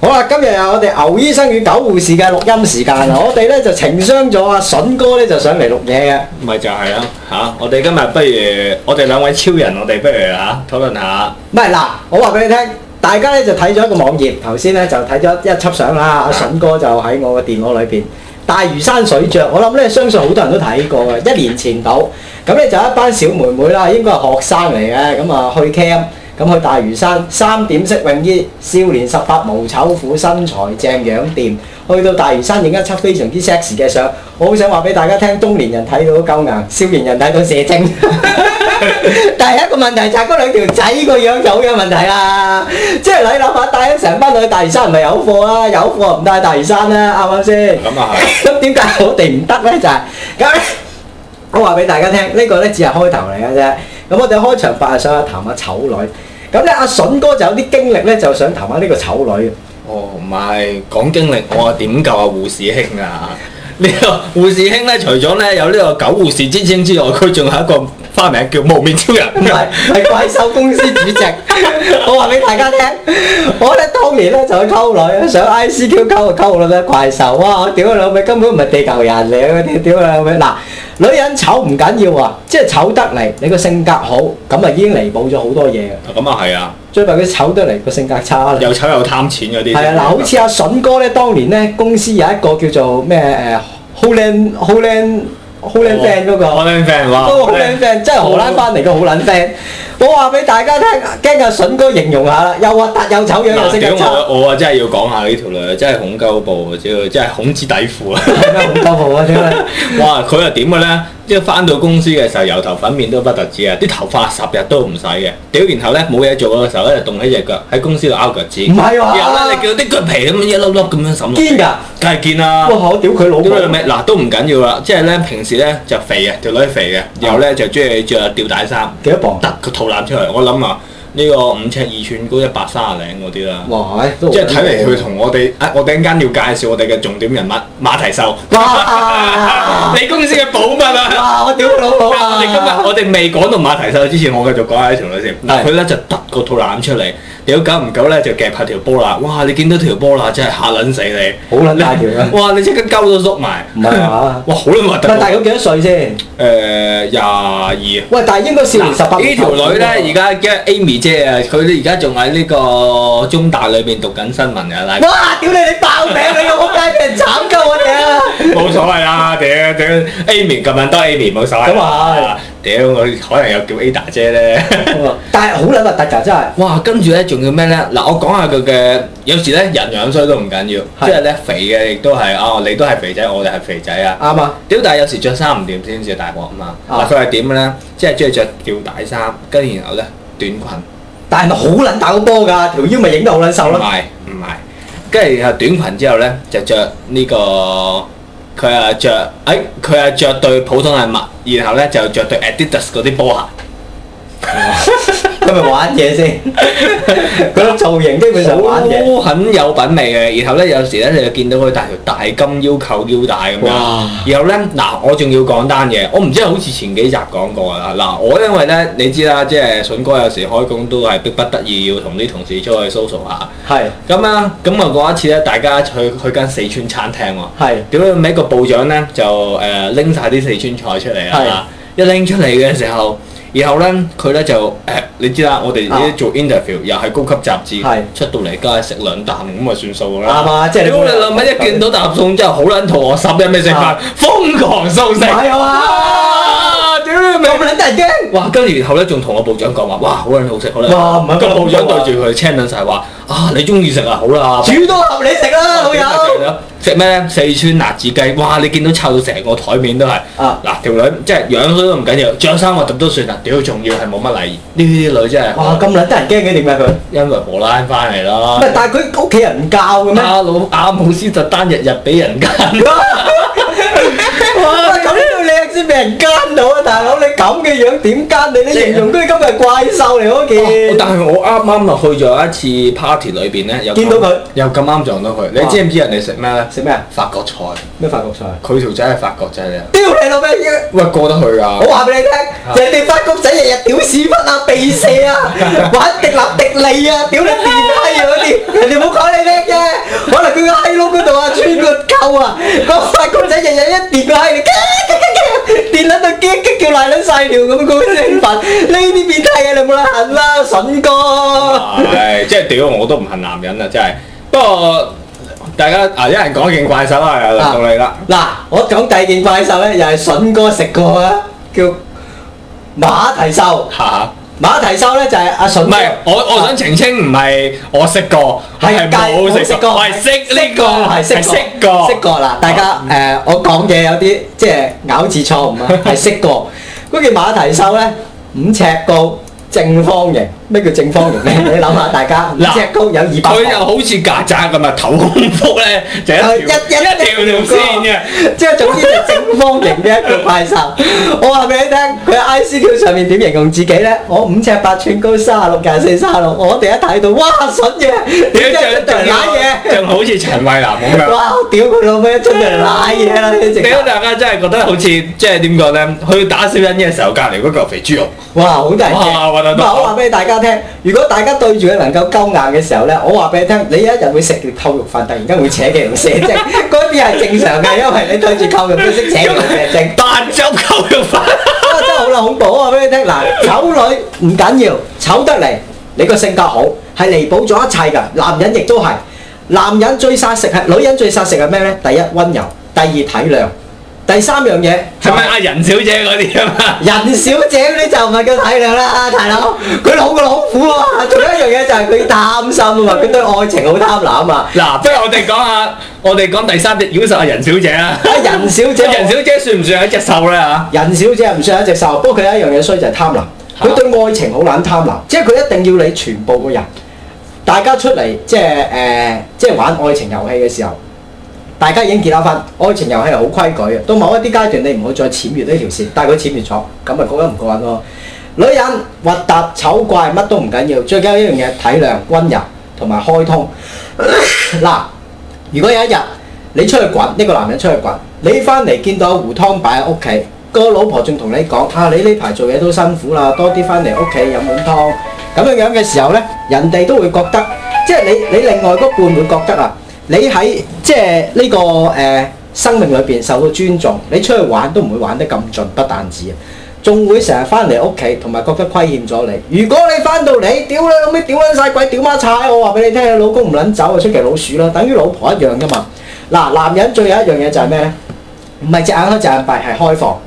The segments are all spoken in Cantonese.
好啦，今日又係我哋牛醫生與狗護士嘅錄音時間，嗯、啊，音啊！我哋咧就情商咗阿荀哥咧就上嚟錄嘢嘅，唔係就係啦吓！我哋今日不如我哋兩位超人，我哋不如吓討論下。唔係嗱，我話俾你聽，大家咧就睇咗一個網頁，頭先咧就睇咗一輯相啦。阿荀的、啊、哥就喺我個電腦裏邊，大嶼山水著，我諗咧相信好多人都睇過嘅，一年前到咁咧就一班小妹妹啦，應該係學生嚟嘅，咁啊去 cam。咁去大嶼山，三點式泳衣，少年十八無醜婦，身材正樣掂。去到大嶼山影一輯非常之 sexy 嘅相，我好想話俾大家聽：中年人睇到夠硬，少年人睇到射精。 第一個問題就係嗰兩條仔個樣有嘅問題啦、啊？即係李立發帶咗成班女去大嶼山，唔係有貨啊？有貨唔帶大嶼山啦、啊，啱唔啱先？咁啊咁點解我哋唔得咧？就係、是、咁，我話俾大家聽，呢、這個咧只係開頭嚟嘅啫。咁我哋開場白係想談下醜女。咁咧，阿、啊、筍哥就有啲經歷咧，就想談下呢個醜女。哦，唔係講經歷，我話點救阿護士兄啊？呢 個護士兄咧，除咗咧有呢個狗護士之稱之外，佢仲係一個。花名叫無面超人，唔係係怪獸公司主席。 我話俾大家聽，我咧當年咧就去溝女，上 ICQ 溝溝女咩怪獸哇、啊！屌佢老味，根本唔係地球人嚟嘅啲屌佢老味。嗱，女人醜唔緊要啊，即係醜得嚟，你個性格好，咁啊已經彌補咗好多嘢啊。咁啊係啊，最弊佢醜得嚟，個性格差。又醜又貪錢嗰啲。係啊，嗱，好似阿荀哥咧，當年咧公司有一個叫做咩誒，好靚好靚。好靚正個好靚正，哇，個好靚正，真係好難翻嚟個好捻正。我話俾大家聽，驚阿荀哥形容下啦，又核突又醜樣那又成是我我啊真係要講下呢條女，真係恐高暴，真係即孔子底褲啊！ 恐高暴啊！真係。 哇！佢係點嘅咧？即係翻到公司嘅時候，油頭粉面都不特止啊！啲頭髮十日都唔使嘅。屌！然後咧冇嘢做嘅時候咧，就棟起隻腳喺公司度拗腳趾。唔係啊！然後咧，叫啲腳皮咁樣一粒粒咁樣剷。真見㗎，梗係見啦。哇！屌佢老。嗱都唔緊要啦，即係咧平時咧、嗯、就肥嘅條女肥嘅，然後咧就中意著吊帶衫。幾多磅？得？個肚。攬出嚟，我諗啊，呢、這個五尺二寸高一百三十零嗰啲啦，哇欸、即係睇嚟佢同我哋，啊，我哋陣間要介紹我哋嘅重點人物馬，馬蹄獸，你公司嘅寶物哇 啊，哇， 我屌老母啊！我哋今日我哋未講到馬蹄獸之前，我繼續講下條的呢條女先，佢咧就得個肚腩出嚟。屌久唔久咧就夾下條波啦！哇！你見到條波啦真係嚇撚死你，好撚大條啦！哇！你即刻鳩都捉埋，唔係啊哇，好撚核突！喂，大哥幾多歲先？誒，廿二。喂，但係應該少年十八。呢條女咧而家，因 Amy 姐啊，佢哋而家仲喺呢個中大裏邊讀緊新聞嘅。我嚇！屌你，你爆名你個扑街俾人炒鳩我哋啊！冇所謂啦，屌屌 Amy，近撚多 Amy 冇所謂。咁啊係。屌，我可能又叫 Ada 姐咧，但係好卵核突噶真係，哇！跟住咧仲要咩咧？嗱，我講下佢嘅，有時咧人樣衰都唔緊要，即係咧肥嘅亦都係啊，你都係肥仔，我哋係肥仔啊，啱啊！屌，但係有時着衫唔掂先至大鑊啊嘛，嗱佢係點咧？即係中意着吊帶衫，跟住然後咧短裙，但係咪好卵打波噶？條腰咪影得好卵瘦咯？唔係唔係，跟住係短裙之後咧就着呢個。佢係着誒，佢係着對普通鞋襪，然後咧就着對 Adidas 嗰啲波鞋。 咁咪 玩嘢先、哦，啲造型基本上玩嘢的、哦，很有品味嘅。然後咧，有時咧你就見到佢戴條大金腰扣腰帶咁樣。哇然後咧，嗱，我仲要講單嘢，我唔知係好似前幾集講過啦。嗱，我因為咧，你知啦，即係荀哥有時開工都係逼不得已要同啲同事出去 social 下。係是。咁啊、嗯，咁啊，嗰一次咧，大家去去間四川餐廳喎、哦。係是。點知咪個部長咧就誒拎晒啲四川菜出嚟啦。係是。一拎出嚟嘅時候。然後咧，佢咧就誒、哎，你知啦，我哋啲做 interview、啊、又係高級雜誌，是出到嚟梗係食兩啖咁啊，算數㗎啦。點解你諗一見到啖餸之後，好撚肚餓，十日未食飯，瘋、啊、狂收食？咁撚得人驚！哇，跟住然後咧，仲同我部長講話，哇，好靚好食，好啦。個部長對住佢聽緊曬話，啊，你中意食啊，好啦。煮多下你食啦，老友。食咩？四川辣子雞，哇！你見到臭到成個台面都係。啊。嗱，條女即係樣衰都唔緊要，著衫又揼到算啦。屌，重要係冇乜禮儀。呢啲女真係。哇，咁撚得人驚嘅，點解佢？因為婆撚翻嚟啦。但係佢屋企人教嘅咩？阿老阿老師執單，日日俾人揀。先俾人奸到啊！大佬，你咁嘅樣點奸你？你形容佢今日怪獸嚟嗰件。但係我啱啱啊去咗一次 party 裏邊咧，又見到佢，又咁啱撞到佢。你知唔知人哋食咩咧？食咩啊？法國菜。咩法國菜？佢條仔係法國仔嚟。屌你老味！喂，過得去啊！我話俾你聽，人哋法國仔日日屌屎忽啊、避射啊、玩迪立迪利啊、屌你變態啊嗰啲，人哋冇講你叻啫。可能佢個閪窿嗰度啊，穿個扣啊，個法國仔日日一跌個閪你。電撚到激激叫瀨撚晒條咁，佢先興奮。呢啲變態嘢你冇得恨啦，笋哥。係， 即係屌我都唔恨男人啊，真係。不過大家啊，一人講件怪獸啊，輪到你啦。嗱、啊，我講第二件怪獸咧，又係笋哥食過啊，叫馬蹄獸。啊馬蹄修咧就係阿荀哥，唔係我，我想澄清，唔係我識過，係冇識過，係識呢個係識過識過啦。大家誒，我講嘢有啲即係咬字錯誤啊，係識過。嗰件馬蹄修咧五尺高。正方形，咩叫正方形咧？你諗下，大家隻高有二百，佢又好似曱甴咁啊！頭胸腹咧就一一一一條條線過嘅，即係總之係正方形嘅一個怪獸。 我話俾你聽，佢 I C Q 上面點形容自己咧？我五尺八寸高，三六廿四，三六。我第一睇到，哇！蠢嘢，屌著一對假嘢，仲好似陳慧琳咁樣。哇！屌佢老母，一出嚟賴嘢啦！你大家真係覺得好似即係點講咧？佢打小人嘅時候，隔離嗰嚿肥豬肉，哇！好大隻。嗱，我話俾你大家聽，如果大家對住佢能夠勾硬嘅時候咧，我話俾你聽，你一日會食條扣肉飯，突然間會扯嘅條蛇精，嗰邊係正常嘅，因為你對住扣肉都識扯嘅條蛇精，大隻扣肉飯，真係好撚恐怖啊！我話俾你聽，嗱，醜女唔緊要，醜得嚟，你個性格好係彌補咗一切㗎。男人亦都係，男人最殺食係女人最殺食係咩咧？第一温柔，第二體諒。第三樣嘢，係咪阿仁小姐嗰啲啊？仁小姐你就唔係咁體諒啦，阿大佬，佢老過老虎喎。仲有一樣嘢就係佢貪心啊嘛，佢對愛情好貪婪啊嗱，不如講講講 我哋講下，我哋講第三隻妖神阿仁小姐啊。阿仁小姐，仁小姐算唔算係一隻獸咧嚇？仁小姐唔算係一隻獸，不過佢有一樣嘢衰就係貪婪，佢對愛情好懶貪婪，即係佢一定要你全部個人，大家出嚟即係誒，即係玩愛情遊戲嘅時候。大家已經結咗婚，愛情遊戲係好規矩嘅。到某一啲階段，你唔會再僭越呢條線，但係佢僭越咗，咁咪過癮唔過癮咯？女人核突醜怪乜都唔緊要，最緊要一樣嘢，體諒、温柔同埋開通。嗱， 如果有一日你出去滾，呢個男人出去滾，你翻嚟見到糊湯擺喺屋企，個老婆仲同你講：啊，你呢排做嘢都辛苦啦，多啲翻嚟屋企飲碗湯。咁樣樣嘅時候咧，人哋都會覺得，即係你你另外嗰半會覺得啊。你喺即係呢個誒生命裏邊受到尊重，你出去玩都唔會玩得咁盡，不單止啊，仲會成日翻嚟屋企同埋覺得虧欠咗你。如果你翻到嚟，屌你老味，屌撚曬鬼，屌媽閪！我話俾你聽，老公唔撚走啊，出奇老鼠啦，等於老婆一樣㗎嘛。嗱，男人最有一樣嘢就係咩咧？唔係隻眼開隻眼閉，係開放、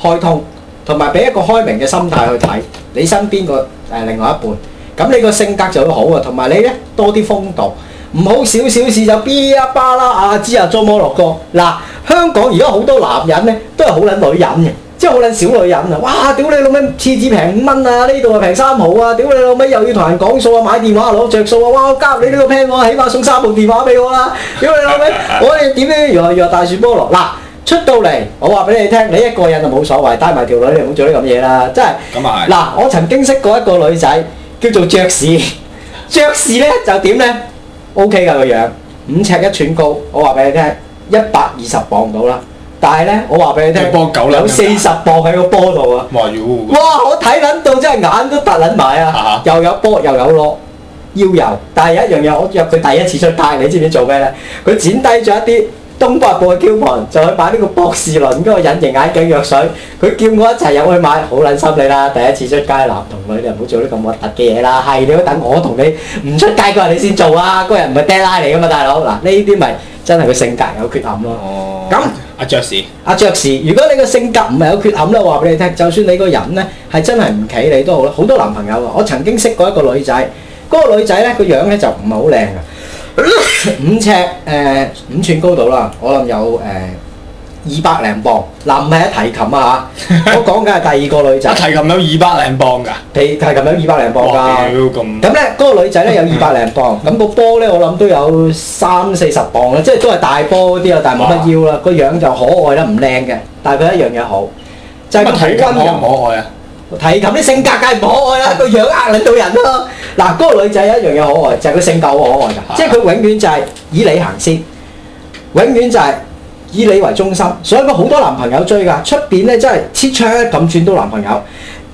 開通，同埋俾一個開明嘅心態去睇你身邊個誒另外一半。咁你個性格就會好啊，同埋你咧多啲風度。唔好少少事就 B 一巴啦啊！知啊，裝摩洛哥嗱，香港而家好多男人咧都係好撚女人嘅，即係好撚小女人啊！哇！屌你老味，廁紙平五蚊啊！呢度啊平三毫啊！屌你老味，又要同人講數啊！買電話攞着數啊！哇！我加入你呢個 plan，我起碼送三部電話俾我啊！屌你老味，我哋點咧？原來原來大樹菠蘿嗱，出到嚟我話俾你聽，你一個人就冇所謂，帶埋條女你唔好做啲咁嘢啦，真係。咁啊係。嗱，我曾經識過一個女仔叫做爵士，爵士咧就點咧？O K 噶個樣，五、okay、尺一寸高，我話俾你聽，一百二十磅到啦。但係咧，我話俾你聽，有四十磅喺個波度啊！哇，我睇撚到真係眼都突撚埋啊！又有波又有籮柚，但係一樣嘢，我約佢第一次出街，你知唔知做咩咧？佢剪低咗一啲。東八部嘅膠盤，再買呢個博士倫嗰個隱形眼鏡藥水。佢叫我一齊入去買，好撚心你啦！第一次出街，男同女你唔好做啲咁核突嘅嘢啦。係你要等我同你唔出街嗰日你先做啊！嗰個人唔係爹拉嚟噶嘛，大佬嗱，呢啲咪真係個性格有缺陷咯。哦，咁阿爵士，阿爵士，如果你個性格唔係有缺陷咧，我話俾你聽，就算你個人咧係真係唔企你都好啦。好多男朋友啊，我曾經識過一個女仔，嗰個女仔咧個樣咧就唔係好靚。五尺誒、呃、五寸高度啦，我諗有誒二百零磅嗱，唔係喺提琴啊嚇，我講緊係第二個女仔。 提琴有二百零磅㗎，提提琴有二百零磅㗎。咁哇。咁咧，嗰 個女仔咧有二百零磅，咁、那個波咧我諗都有三四十磅啦，即係都係大波啲啊，但係冇乜腰啦，個哇樣就可愛啦，唔靚嘅，但係佢一樣嘢好，就係佢體斤唔可愛啊。 提琴啲性格梗係唔可愛啦，個樣呃撚到人咯。嗱，嗰個女仔有一樣嘢可愛，就係佢性格好可愛㗎，即係佢永遠就係以你行先，永遠就係以你為中心，所以佢好多男朋友追㗎。出邊咧真係切槍咁轉到男朋友。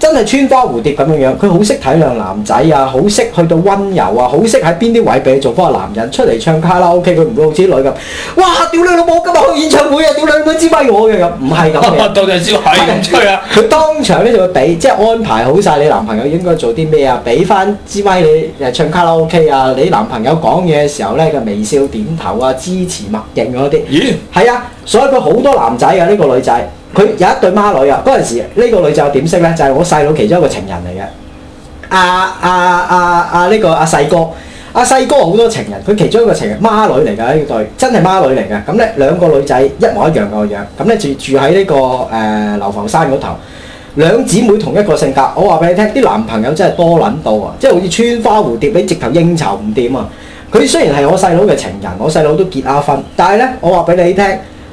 真係穿花蝴蝶咁樣樣，佢好識體諒男仔啊，好識去到溫柔啊，好識喺邊啲位俾你做翻個男人出嚟唱卡拉 OK，佢唔會好似女咁，哇！屌你老母，今日去演唱會啊！屌你老母支咪我嘅咁、啊，唔係咁嘅。當支咪佢當場咧就會俾，即係安排好晒你男朋友應該做啲咩啊，俾翻支咪你唱卡拉 OK 啊，你男朋友講嘢嘅時候咧嘅微笑點頭啊，支持默認嗰啲。咦？係啊，所以佢好多男仔啊，呢、這個女仔。佢有一對孖女啊！嗰陣時，呢個女仔就點識咧？就係、是、我細佬其中一個情人嚟嘅。阿阿阿阿呢個阿、啊、細哥，阿、啊、細哥好多情人，佢其中一個情人孖女嚟㗎呢對，真係孖女嚟嘅。咁咧兩個女仔一模一樣個樣，咁咧住住喺呢個誒流浮山嗰頭。兩姊妹同一個性格，我話俾你聽，啲男朋友真係多撚到啊！即係好似穿花蝴蝶，你直頭應酬唔掂啊！佢雖然係我細佬嘅情人，我細佬都結啊婚，但係咧，我話俾你聽。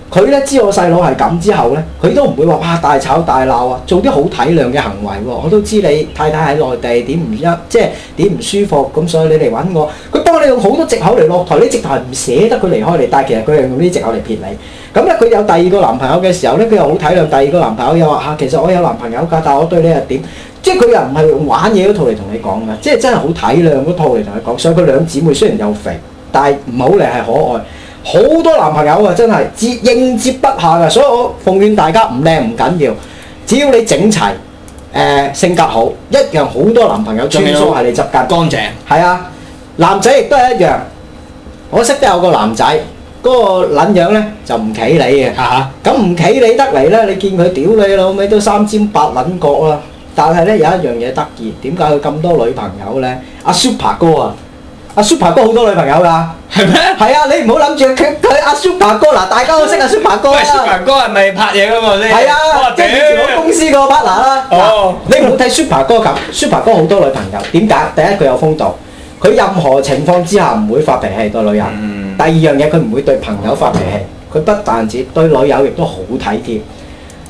佢咧知我細佬係咁之後咧，佢都唔會話哇大吵大鬧啊，做啲好體諒嘅行為喎。我都知你太太喺內地點唔一，即係點唔舒服，咁所以你嚟揾我。佢幫你用好多藉口嚟落台，你直頭係唔捨得佢離開你，但係其實佢係用呢啲藉口嚟撇你。咁咧佢有第二個男朋友嘅時候咧，佢又好體諒第二個男朋友又，又話嚇其實我有男朋友㗎，但係我對你又點，即係佢又唔係用玩嘢嗰套嚟同你講㗎，即係真係好體諒嗰套嚟同你講。所以佢兩姊妹雖然又肥，但係唔好嚟係可愛。好多男朋友啊，真係接應接不下嘅，所以我奉勸大家唔靚唔緊要，只要你整齊，誒、呃、性格好一樣好多男朋友追，都係你執吉，乾淨係啊，男仔亦都係一樣。我識得有個男仔，嗰、那個撚樣咧就唔企你嘅，咁唔企理得嚟咧，你見佢屌你老味都三尖八撚角啊！但係咧有一樣嘢得意，點解佢咁多女朋友咧？阿、啊、Super 哥啊！阿 Super 哥好多女朋友噶，係咩嗎？係啊，你唔好諗住佢。佢阿、啊、Super 哥嗱，大家都識阿、啊、Super 哥啦。喂，Super 哥係咪拍嘢噶嘛？先係啊，即係支持我公司個 partner 啦。哦，oh. 你唔好睇 Super 哥咁，Super 哥好多女朋友。點解？第一，佢有風度，佢任何情況之下唔會發脾氣對女友。嗯、第二樣嘢，佢唔會對朋友發脾氣，佢不但止對女友，亦都好體貼。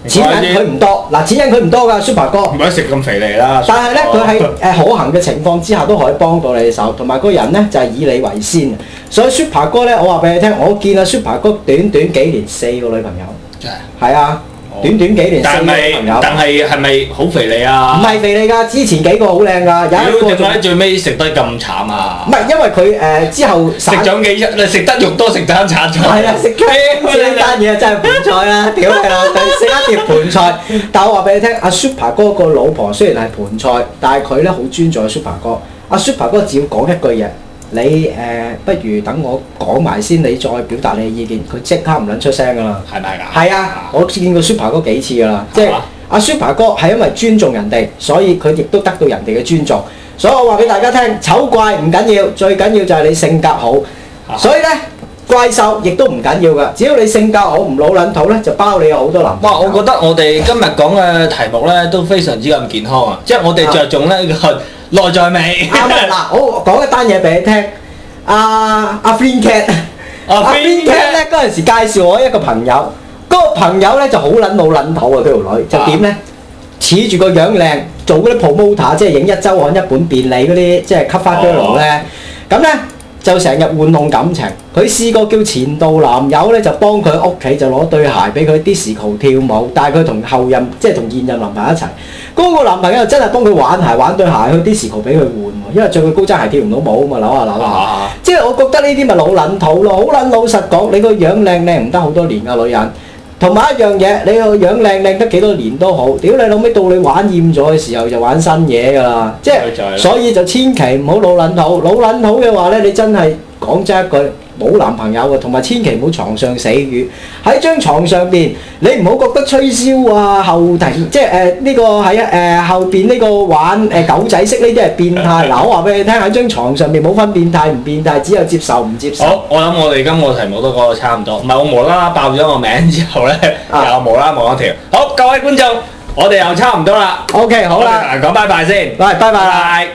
錢銀佢唔多，嗱錢銀佢唔多㗎，Super 哥。唔可以食咁肥膩啦。手但係咧，佢喺誒可行嘅情況之下都可以幫到你手，同埋個人咧就係、是、以你為先。所以 Super 哥咧，我話俾你聽，我見阿 Super 哥短短,短幾年四個女朋友。真係的。係啊。短短幾年朋友但、但係但係係咪好肥你啊？唔係肥你㗎，之前幾個好靚㗎，呃、有一個，點解最尾食得咁慘啊？唔係因為佢誒、呃、之後食咗幾日，你食得肉多食餐慘菜。係啊， 食雞，呢單嘢真係盤菜啊！屌啊， 食、就係、一碟盤菜。 但係我話俾你聽，阿、啊、Super 哥個老婆雖然係盤菜，但係佢咧好尊重阿 Super 哥。阿、啊、Super 哥只要講一句嘢。你誒、呃，不如等我講埋先，你再表達你嘅意見。佢即刻唔撚出聲㗎啦。係咪㗎？係啊的，的我見過 Super 哥幾次㗎啦。即係阿 Super 哥係因為尊重人哋，所以佢亦都得到人哋嘅尊重。所以我話俾大家聽，醜怪唔緊要，最緊要就係你性格好。的所以咧，怪獸亦都唔緊要㗎，只要你性格好，唔老撚土咧，就包你有好多男朋友哇、啊！我覺得我哋今日講嘅題目咧都非常之咁健康啊，即、就、係、是、我哋着重咧個。 內在美，啱嗱？我講一單嘢俾你聽。阿阿 Fincat，阿 Fincat 咧嗰陣時介紹我一個朋友，嗰個朋友咧就好撚老撚土啊，佢條女，就點咧？恃住個樣靚，做嗰啲 promoter，即係影一週刊一本便利嗰啲，即係 cut 花 journal 咧，咁咧。就成日玩弄感情，佢試過叫前度男友咧就幫佢屋企就攞對鞋俾佢 disco 跳舞，但係佢同後任即係同現任男朋友一齊，嗰個男朋友真係幫佢玩鞋，玩對鞋去 disco 俾佢換喎，因為著個高踭鞋跳唔到舞啊嘛，扭下扭下， 即係我覺得呢啲咪老撚土咯，好撚老實講，你個樣靚靚唔得好多年嘅女人。同埋一樣嘢，你去養靚靚靚得幾多年都好，屌你老味到你玩厭咗嘅時候就玩新嘢㗎啦，即係所以就千祈唔好老撚土，老撚土嘅話咧，你真係講真一句。冇男朋友啊，同埋千祈唔好床上死魚喺張床上邊，你唔好覺得吹簫啊，後庭，即係誒呢個喺誒、呃、後邊呢個玩誒、呃、狗仔式呢啲係變態。嗱， 我話俾你聽喺張床上面冇分變態唔變態，只有接受唔接受。好，我諗我哋今個題目都講到差唔多，唔係我無啦啦爆咗個名之後咧、啊、又無啦冇一條。好，各位觀眾，我哋又差唔多啦。OK，好啦，講拜拜先，拜拜，right,。